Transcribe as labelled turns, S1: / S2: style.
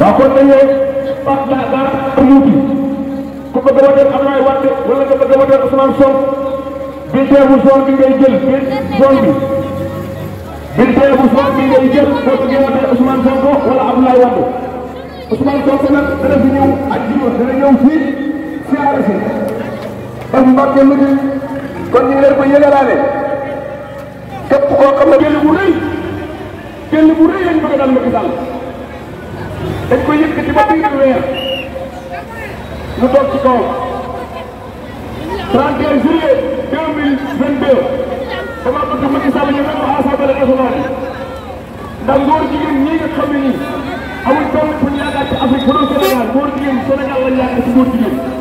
S1: waaw kon dañoo baax naa dara amuuti ku bëgg a woteel Abdoulaye Wade wala nga bëgg a woteel Ousmane Sonko bulletin bu zone bi ngay jël zone bi bulletin bu zone bi ngay jël boo bëggee woteel Ousmane Sonko wala Abdoulaye Wade Ousmane Sonko nag dana fi ñëw àjjuma dana ñëw fii siyaare si kon Mbacke mi kon ñu ko yëgalaale képp koo xam ne génn bu rëy génn bu rëy lañ bëgg a dal Macky Sall dañ koy yëkkati ba weer ñu toog ci kaw 31 juillet 2022 dama bëgg Macky Sall ñu mel ko assemblée nationale ndax góor jigéen ñi nga xam ne nii amul tool pour ñu yaakaar ci Afrique bu dul Sénégal góor jigéen Sénégal lañ yaakaar ci góor jigéen